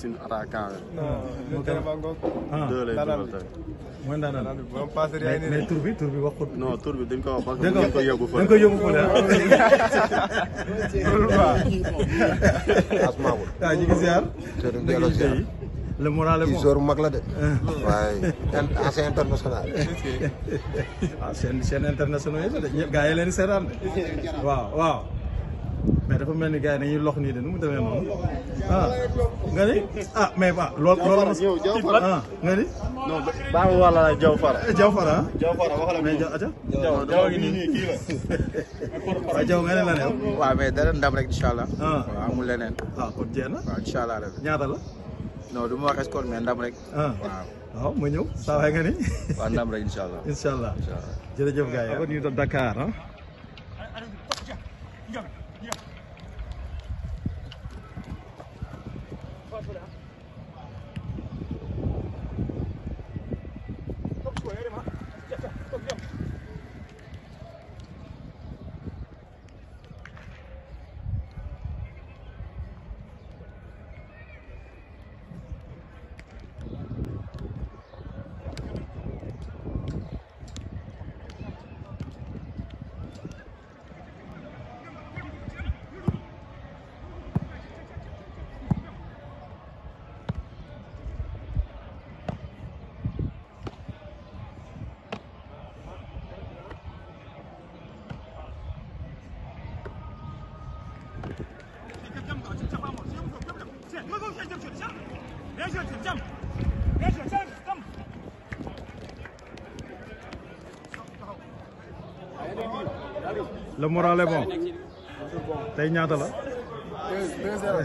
suñu attaquant la. deux lay dugal tey. mooy ndaanaan mais tur bi tur bi wax ko. non tur bi dañ ko wax parce que dañ ko yóbbu fële. dañ ko yóbbu fële ah. ñu ngi ziar. le moral est bon joueur bu mag la de. waaye ancien international. ah seen seen international yi la de ñëpp gaa yi leen seetaan de waaw waaw. mais dafa mel ni gars yi dañuy lox nii de nu mu demee noonu ah nga ah mais ba loolu loolu mos ah nga Fara. Diaw eh, Fara ah. Fara wax la ah, mais Diaw atia. Diaw ndam rek incha allah. Ah. waaw amul leneen. ah kon jeex ñaata la. non du ma wax score mais ndam rek. Ah. waaw waaw ma ñëw saa waay nga ndam rek incha allah. incha allah jërëjëf gars ah. le moral bon tey ñaata la. la.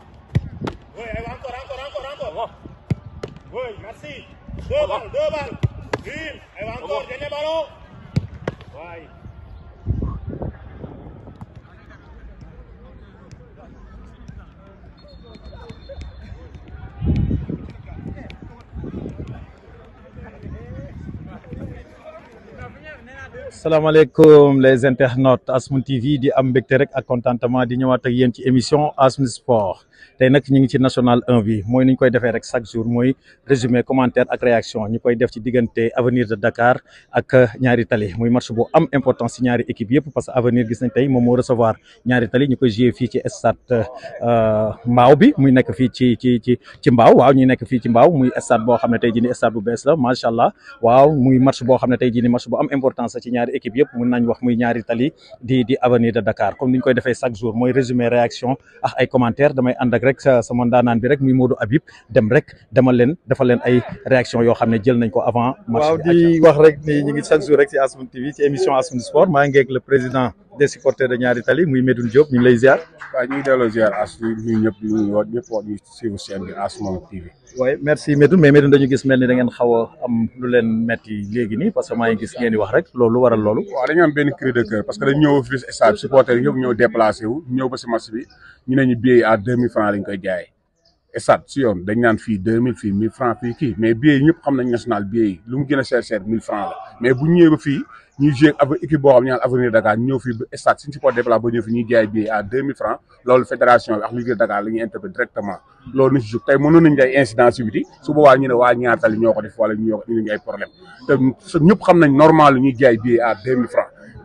Oi encore, é encore, encore. Oui, merci. Deux balles, deux balles. Une, é elle va encore, dernier ballon. Ouais. salaamaaleykum les internautes Asmoon TV di am mbégte rek ak contentement di ñëwaat ak yéen ci émission Asmoon Sport tay nak ñu ngi ci national 1 vie moy ni ñu koy défé rek chaque jour moy résumé commentaire ak réaction ñu koy def ci diggante avenir de Dakar ak ñaari tali moy match bu am importance ci ñaari équipe yépp parce que avenir gis nañ tay moom moo recevoir ñaari tali ñu koy jouer fi ci stade euh Mbao bi muy nekk fi ci ci ci ci Mbao waaw ñuy nekk fi ci Mbao muy stade bo xamné tay tey jii stade bu bees la machallah allah waaw muy match bo xamné tay tey jii match bu am importance ci ñaari équipe yépp mën nañ wax muy ñaari tali di di avenir de Dakar comme niñ koy défé chaque jour moy résumé réaction ak ay commentaires damay ànd ànd ak rek sama ndaanaan bi rek muy Modou Habib dem rek demal leen defa leen ay réaction yoo xam ne jël nañ ko avant. match waaw di wax rek ni ñu ngi chaque jour rek si Asmoon TV ci émission Asmoon Sport maa ngi le président. des supporters de Niary Tally muy Medoune Diop ñu ngi lay ziar. waaw ñu ngi delloo ziar as ñun ñëpp ñu ngi woote merci Medoune mais Medoune dañu gis mel ni da ngeen am lu leen metti léegi nii parce que maa gis ngeen di wax rek loolu waral loolu. waaw dañu am benn cri parce que dañu ñëw fii stade supporter ñëw déplacé ñëw ba si match bi ñu ne ñu billet à deux mille francs lañ koy jaayee. stade si yoon dañ naan fii deux mille francs fii kii mais billet yi ñëpp nañ national mais bu ñëwee ba fii ñuy joué ak équipe bo xam ne ñaan avenir Dakar ñëw stade ba ci suñu de déplacé bo ñëw fi ñi jaay bi à 2000 francs loolu fédération bi ak ligue Dakar la ñuy interpellé directement loolu ci juk tay tey mënoon nañ ay incident subiti su wa ñu né wa ñaar tali ñoko def wala ñu ñoo ko ñu ay problème te ñëpp xam nañ normal ñu ñuy jaay billet à 2000 francs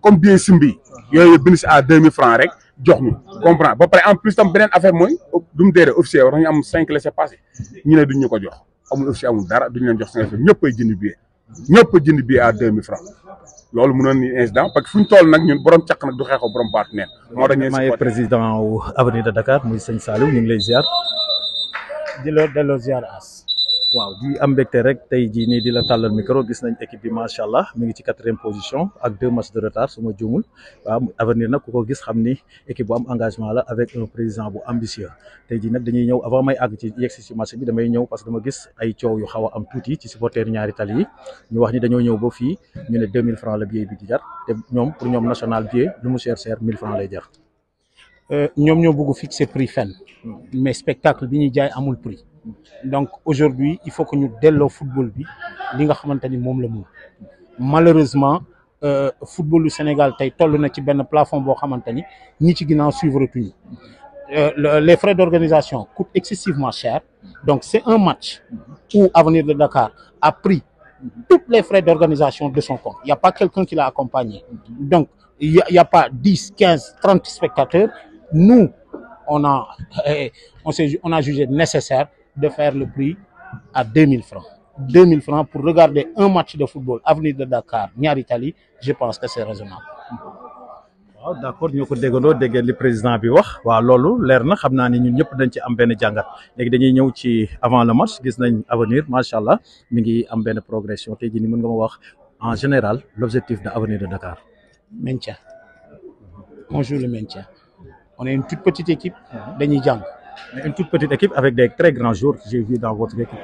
comme bien simbi yooyu bind si à 2000 francs rek jox ñu comprends ba pare en plus tam benen affaire moy du mu officier war nañu am 5 laissez passer ñu né duñ ñu ko jox amul officier amul dara duñ leen jox cinq ñëpp ay jënd billet ñëpp a jënd billet à deux mille francs loolu mënoon ni incident parce que fuñ toll nak ñun borom ciak nak du xeexoo borom baat neen moo tax ñu maay président avenue de Dakar muy seigne salou ñu lay ziar di la delloo ziar as Wow, di am mbégte rek tey jii di la talal micro gis nañ équipe bi macha allah mi ngi ci 4e position ak deux matchs de retard suma djumul wa avenir nak kuko gis xamni équipe bu am engagement la avec un président bu ambitieux tay ji nak dañuy ñew avant may ag ci yegsi ci match bi damay ñew parce que dama gis ay ciow yu xawa am touti ci supporter ñaari tali yi ñu wax ni dañoo ñew bo fi ñu ne 2000 francs la billet bi di jar te ñom pour ñom national billet lu mu cher cher 1000 francs lay jar. Euh, ñom ñoo bëgg fixer prix fenn hmm. mais spectacle bi ñi jaay amul prix. donc aujourd'hui il faut que nous dès le football bi li nga xamante la malheureusement euh, du Sénégal tey toll na ci plafond est ni de ci suivre plus. Euh, les frais d'organisation coûtent excessivement cher donc c'est un match où Avenir de Dakar a pris tous les frais d'organisation de son compte il n'y a pas quelqu'un qui l'a accompagné donc il n'y a, pas 10, 15, 30 spectateurs nous on a on on a jugé nécessaire de faire le prix à 2000 francs. 2000 francs pour regarder un match de football avenir de Dakar, Niaritali, je pense que c'est raisonnable. D'accord, nous accord ñoo ko déggandoo président bi wax waaw loolu leer na xam naa ni ñun ñëpp dañ ci am benn jàngat léegi dañuy ñëw ci avant le match gis nañ avenir macha allah mi ngi am benn progression tey jii ni mën wax en général l'objectif de avenir de Dakar. maintien Bonjour le maintien on est une toute petite équipe dañuy jàng une toute petite équipe avec des très grands jours que j'ai vus dans votre équipe.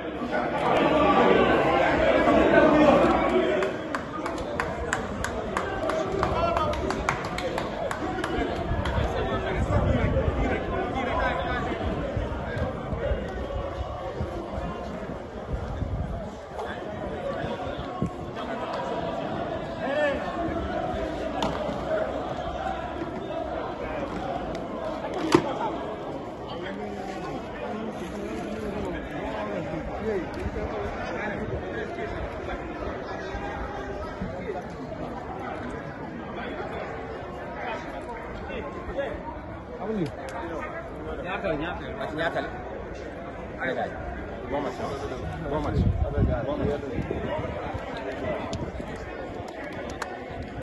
mujj. ñaatale ñaatale ak ñaatale. allé gars yi bon match bon match bon match.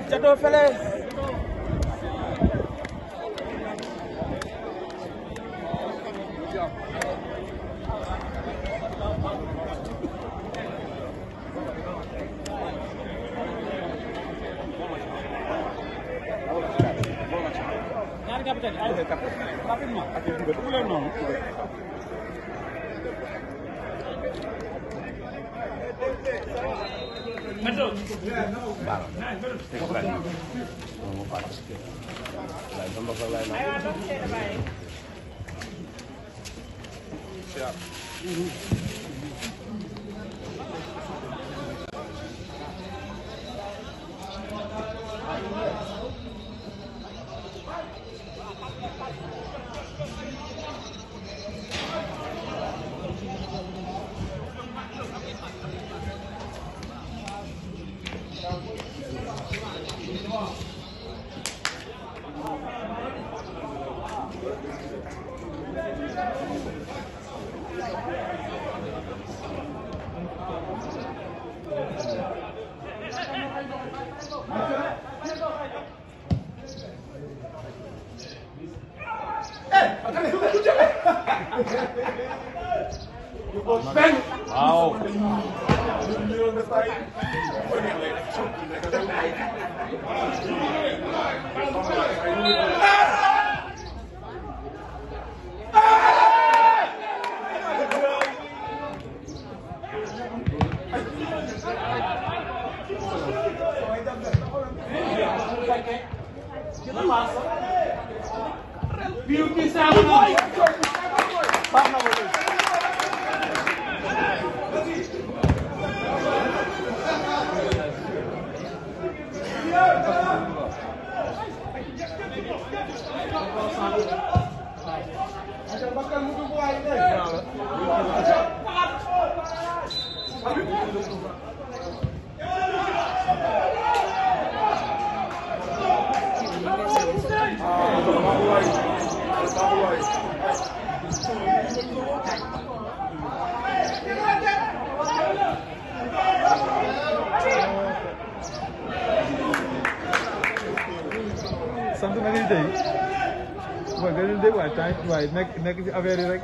jatoo fële. Ja, dan nog wel Hij had ook erbij. Ja. You You, Beauty sound. Vamos a ver! waaye nekk nekk ci affaire yi rek.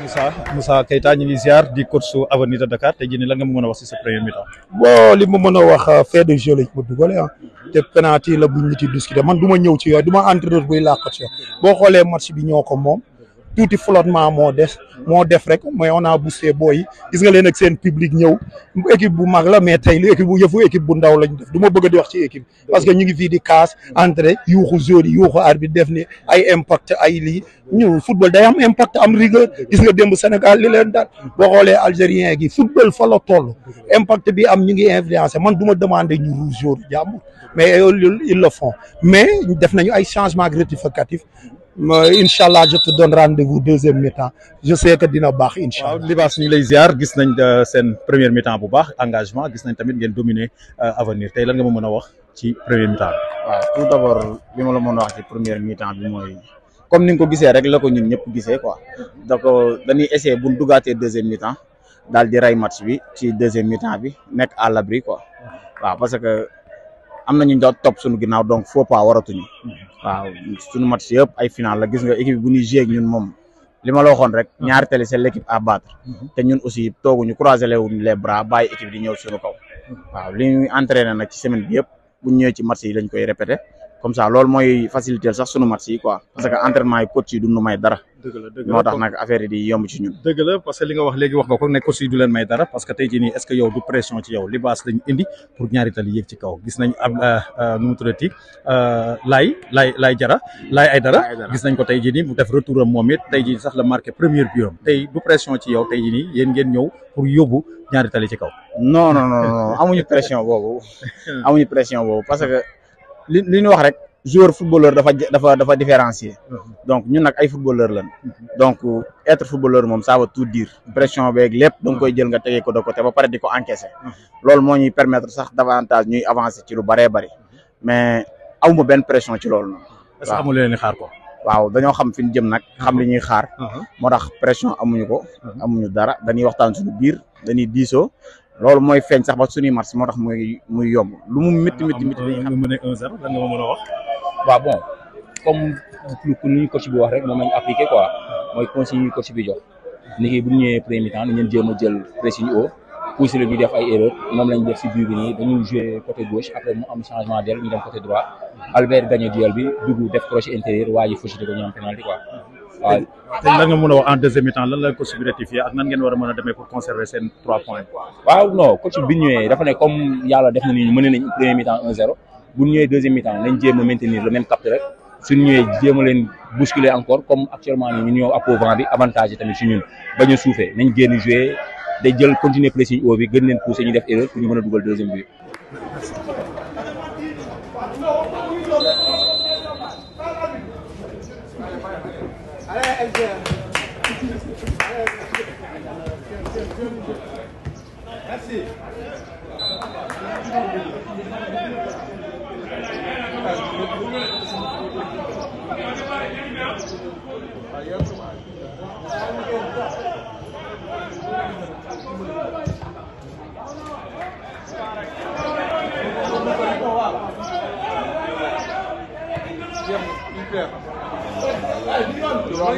Moussa Moussa Keita ñu ngi ziar di coach su Avenir de Dakar te ji nii lan nga mën a wax si sa premier mi-temps. bon ma mën a wax euh, fait de jeu lañ ma dugalee ah. te penalty la buñ ñu ci discuter man du ma ñëw ci yooyu du ma entraîneur buy làqat si boo xoolee match bi ñoo ko moom. tout flottement moo des moo def rek mais on a boosté boy, gis nga len ak sen public ñëw équipe bu mag la mais tay équipe bu yeuf équipe bu ndaw lañ def du bëgg di wax ci équipe parce que ñu ngi fi di kaas entré yuxu zone yi yuuxu arbitre def ni ay impact ay li ñu football day am impact am rigueur gis nga demb Sénégal li len dal bo xolé algérien gi football fa la toll impact bi am ñu ngi influencer man du demander demandé ñu rouge jamm mais ils le font mais def nañu ay changement rectificatif incha allah je te donne rendez-vous deuxième mi-temps je sais que dina baax incha allah. waaw Libaas ñu lay ziar gis nañ euh, seen première mi-temps bu baax engagement gis nañ tamit ngeen dominer euh, avenir tey lan nga ma mën a wax ci première mi-temps bi. tout d'abord li ma la mën a wax ci première mi-temps bi mooy comme ni nga ko gisee rek la ko ñun ñëpp gisee quoi donc euh, dañuy essayer bu ñu deuxième mi-temps daal di rey match bi ci deuxième mi-temps bi nekk à l'abri quoi waaw parce que. am nañu njot topp suñu ginnaaw donc faux pas waratuñu waaw suñu match yëpp ay final la gis nga équipe bu ñuy jouer ak ñun moom li ma la waxoon rek ñaari télé c'est l'équipe à battre te ñun aussi tooguñu croiser le bras bàyyi équipe di ñëw suñu kaw waaw li ñuy entraîné nag ci semaine bi yëpp bu ñu ñëwee ci match yi lañ koy répété comme ça loolu mooy faciliter sax suñu match yi quoi parce que entraînement yi coach yi duñu may dara dëgg la dëgg la moo tax parce que li nga wax léegi wax nga ko nekk du leen may dara parce que tey jii est ce que yow du pression ci yow libaas lañ indi pour ñaari tali yéeg ci kaw gis nañ ab euh, euh, nu mu tuddati euh, laay jara laay ay dara gis nañ ko tey jii mu def retour am moom tey jii sax la marqué première buram tey du pression ci yow tey jii nii ngeen ñëw pour yóbbu ñaari tali ci kaw. non non non amuñu pression boobu amuñu pression boobu parce que li li ñu joueur footballeur dafa dafa dafa différencier mhm. donc ñun nak ay footballeur lañ donc être footballeur mom ça va tout dire pression beeg lépp da nga koy jël nga tégué ko de côté ba paré diko encaisser mhm. lool mo ñuy permettre sax davantage ñuy avancer ci lu bëree bëri mhm. mais aw ma benn pression ci lool non est-ce amu amul leen xaar ko. waaw dañoo xam fi ñu jëm nak xam li ñuy xaar. motax pression amuñu ko. amuñu dara dañuy waxtaan suñu biir dañuy diisoo. lool moy feeñ sax ba suñu match motax moy muy yomb lu mu metti metti metti dañuy xam. mu nekk 1-0 lan nga ma wax. waaw bon comme lu ñu coach bi wax rek moom lañ appliqué quoi mooy consigne bi jox la def ay erreur moom lañ def si but bi nii dañuy joué côté gauche après mu am changement d'aile ñu dem côté droit Albert gagné duel bi dugg def crochet intérieur waa faucheté ko am penalty quoi waaw tey lan a wax en deuxième temps lan la bi rectifié ak a mën a demee pour conserver seen trois points. waaw non coach comme yàlla def na ni ñu mën nañ premier mi temps 1 bu deuxième mi-temps devons maintenir le même cap rek nous devons bousculer encore comme actuellement nous ñu ñëw avantage si a jouer continuer à haut bi gën pour nous donner deuxième Durant,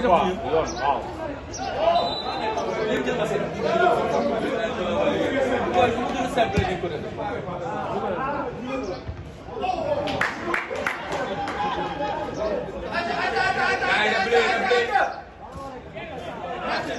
wow. Durant, wow.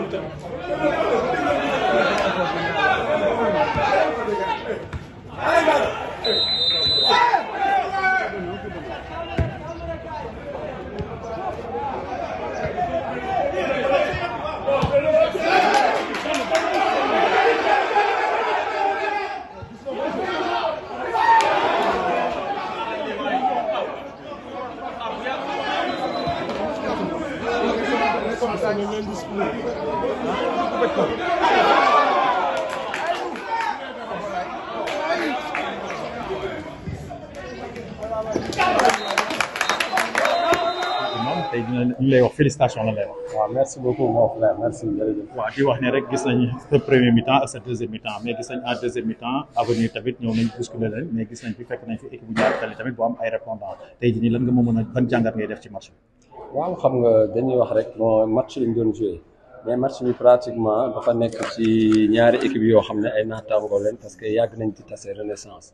metropolitana. félicitation la lay wax. waaw merci beaucoup mon frère merci jërëjëf. wax ne rek gis nañ sa premier mi-temps ak sa deuxième mi-temps mais gis nañ en deuxième mi-temps avenir tamit ñëw nañ bousculer mais gis nañ fi fekk nañ fi équipe bu nga ma mën a ban jàngat ngay def ci match waaw xam nga dañuy wax rek moo match lañ doon joué mais match bi pratiquement dafa nekk ci ñaari équipe yoo xam ne ay naataangoo leen parce que yàgg nañ ci tase renaissance.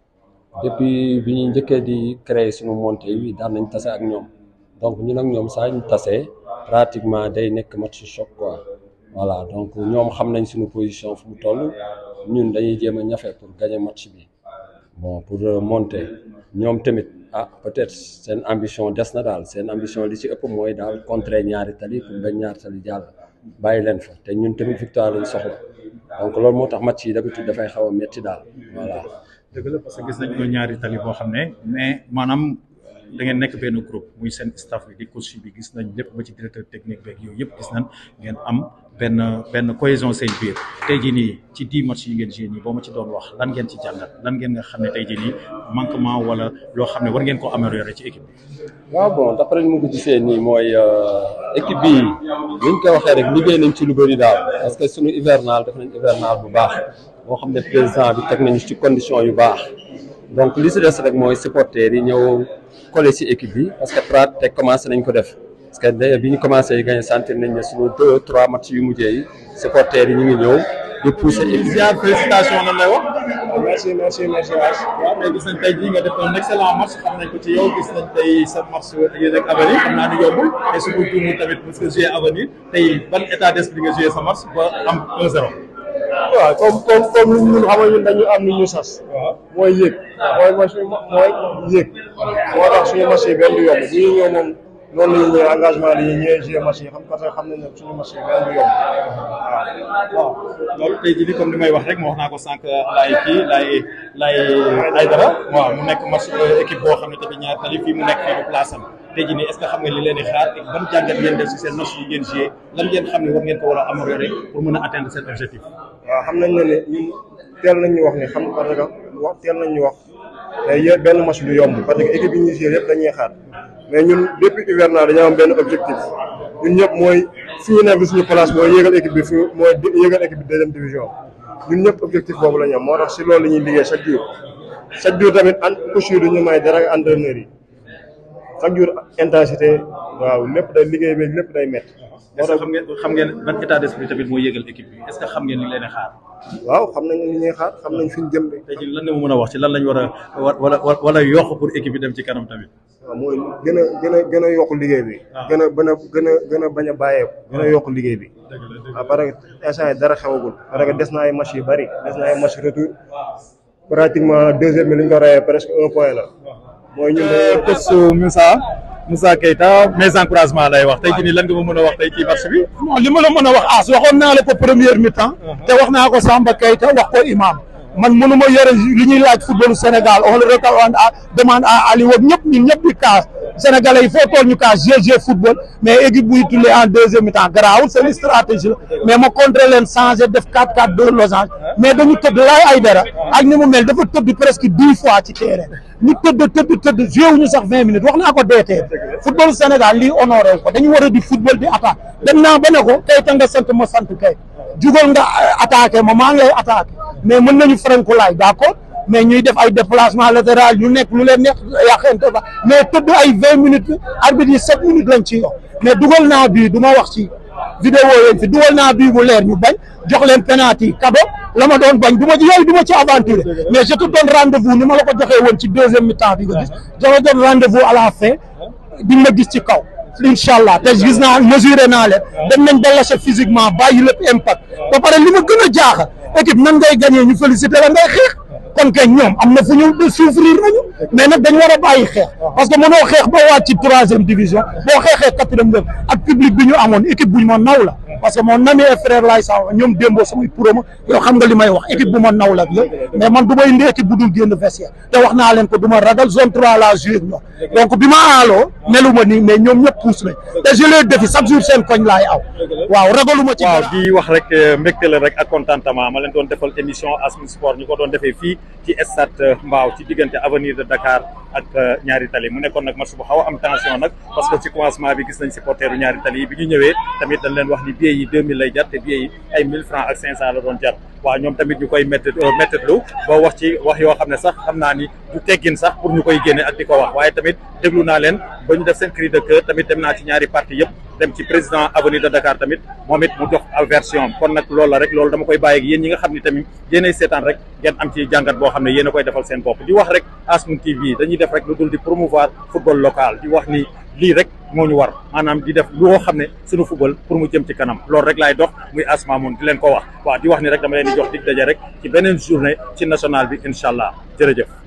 depuis bi ñuy njëkkee di créer suñu montée yi daan nañ tase ak ñoom donc ñun ak ñoom saa pratiquement day nek match choc quoi voilà donc ñom xam nañ suñu position fu mu toll ñun dañuy jéem a pour gagner match bi bon pour euh, monter ñom tamit ah peut-être une ambition des dal c'est une ambition li ci ëpp moy dal contre ñaari tali pour ba ñaari tali jàll bàyyi leen fa té ñun tamit victoire lañ soxla donc lool motax match yi d'habitude da fay xawa metti dal voilà. dëgg la parce que gis nañ ko ñaari tali bo xamné mais manam da ngeen nekk benn groupe muy seen staff bi di coach bi gis nañ lépp ba ci directeur technique beeg yooyu yëpp gis nañ ngeen am benn benn cohésion seen biir tey jii nii ci dix match yi ngeen joué nii boo ma ci doon wax lan ngeen ci jàngat lan ngeen nga xam ne tey jii nii manquement wala loo xam ne war ngeen ko améliorer ci équipe bi. waaw bon d'après mu gisee nii mooy euh, équipe bi ni ñu ko waxee rek liggéey nañ ci lu bëri daal parce que suñu hivernal def nañ hivernal bu baax boo xam ne président bi teg nañu ci condition yu baax donc li si des rek mooy supporters yi ñëw. collé si équipe bi parce que pratique commencé nañ ko def parce que d'ailleurs bi ñu commencé yi gagné sentir nañ ne suñu deux trois match yu mujjee yi supporters yi ñu ngi ñëw di poussé équipe bi félicitation nan lay wax merci merci merci H waaw mais gis nañ nga def un gis nañ tey sa match yéen ak avenir xam naa ni yombul te su ko tamit parce que joué avenir tey ban état d'esprit nga joué sa match ba am 1 waaw comme comme comme ñun xam nga ñun dañu am lu ñu sas. mooy yéeg. mooy machine mooy yéeg. moo tax suñu machine benn du yomb machine xam parce que xam nañ ne suñu machine benn du yomb waaw. loolu tey jii comme may wax rek ma wax naa ko sànq laay kii laay laay Aydara waaw mu nekk match équipe boo xam ne tamit ñaar tali fii mu nekk fii bu tey jii nii est-ce xam nga li leen di xaar ak ban ngeen def yi ngeen joué lan ngeen war ngeen ko war a améliorer pour mën a atteindre seen objectif. waaw xam nañ ne ne ñun teel nañ ñu wax ne xam parce que wax teel nañ ñu wax yéen benn match du yomb parce que équipe yi ñuy joué yëpp dañuy xaar mais ñun depuis hivernage dañoo am benn objectif ñun ñëpp mooy fi ñu nekk suñu place mooy yéegal équipe bi fu mooy yéegal équipe bi deuxième division ñun ñëpp objectif boobu la ñu moo tax si loolu la ñuy liggéey chaque tamit an couche yi du ñu may dara yi chaque jour intensité waaw lépp day liggéey bi lépp day métti. moo xam ngeen xam ngeen ban état d'esprit tamit moo yëgal équipe bi est-ce que xam ngeen li leen xaar. waaw xam nañ li ñuy xaar xam nañ fi ñu jëm de. tey jii lan mën a wax ci lan lañ war a wala wala yokk pour équipe bi dem ci kanam tamit. waaw mooy gën a gën gën a yokk liggéey bi. Ah. gën a gën gën a gën a bañ a bàyyeeku. gën a yokk liggéey bi. dëgg parce que instant yi dara xewagul. parce que des na ay match yu bari des na ay match retour pratiquement deuxième bi li ñu ko rayee presque un point la mooy ñu coach euh, Moussa Moussa Keita mes encouragements lay wax tey jii nii lan nga ma mën a wax tey ci match bi. non li ma la mën a wax as waxoon naa la ko première mi-temps. te wax naa ko Samba Keita wax ko Imaam. man mënuma yore li ñuy laaj football Sénégal on le recommande à demande à Aliou ñëpp ñun ñëpp di kaas sénégalais yi foo tool ñu kaas GG football mais équipe buy tullee en deuxième mi-temps garaawul seen stratégie la mais ma contrer leen changé def 4-4-2 losange mais dañu tëdd laay ay dara ak ni mu mel dafa tëdd presque dix fois ci terrain ñu tëdd tëdd tëdd joué ñu sax vingt minutes wax naa ko DTM football Sénégal lii honoré ko dañu war a di football di attaque dem naa ba ne ko tey ta sant ma sant kay jugal nga ma maa ngi lay attaqué mais mën nañu frankulaay d'accord mais ñuy def ay déplacement latéral ñu nekk lu leen neex yàqante ba mais tëdd ay vingt minutes arbitre yi sept minutes lañ ci yow mais dugal naa bii du ma wax ci vidéo yéen fi dugal naa bii mu leer ñu bañ jox leen penalty cadeau la ma doon bañ du ma ci yooyu du ma ci aventuré mais je te donne rendez-vous ni ma la ko joxee woon ci deuxième mi bi nga gis je te donne à la fin di gis ci kaw incha allah te gis naa mesuré naa leen dañ nañ délaché physiquement bàyyi lépp impact ba pare li gën a jaaxal équipe nan ngay gagné ñu félicité la ngay xeex kon kay ñoom am na fu ñu souffrir nañu mais nag dañ war a bàyyi xeex parce que mënoo xeex boo waat ci troisième division boo xeexee quatrième ak public bi ñu amoon équipe bu ñu ma naw la parce que mon ami et frère laay ñoom démboo samay pourama yow xam nga li may wax équipe bu ma naw la mais man du may bu dul génn vestiaire te wax naa leen ko du ma ragal zone 3 la joué ñoom donc bi ma aaloo melu ma nii mais ñoom ñëpp pousse nañ te je les défie jour seen koñ laay aw waaw ragalu ma ci waaw di wax rek euh, mbégte la rek ak contentement ma leen doon defal émission Asmin Sport ñu ko doon defee fii ci stade euh, Mbao ci diggante avenir de Dakar ak euh, ñaari tali mu nekkoon nag match a que ci commencement bi gis nañ supporteru ñaari tali wax billet yi deux mille lay jar te billet yi ay mille francs ak cinq cent la doon jar waaw ñoom tamit ñu koy métti euh, méttitlu ba wax ci wax yoo xam ne sax xam naa ni du teggin sax pour ñu koy génne ak di ko wax waaye tamit déglu naa leen ba ñu def seen cri de cœur tamit dem naa ci ñaari parti yëpp dem ci président avenir de Dakar tamit moom it mu jox version kon nag loolu rek loolu dama koy bàyyi ak yéen nga xam ne tamit yéenay seetaan rek ngeen am ci jàngat a koy defal seen moo ñu war maanaam di def loo xam ne sunu football pour mu jëm ci kanam loolu rek laay dox muy asma mun di leen ko wax waa di wax ni rek dama leen di jox dig daje rek ci beneen journée ci national bi incha allah jërëjëf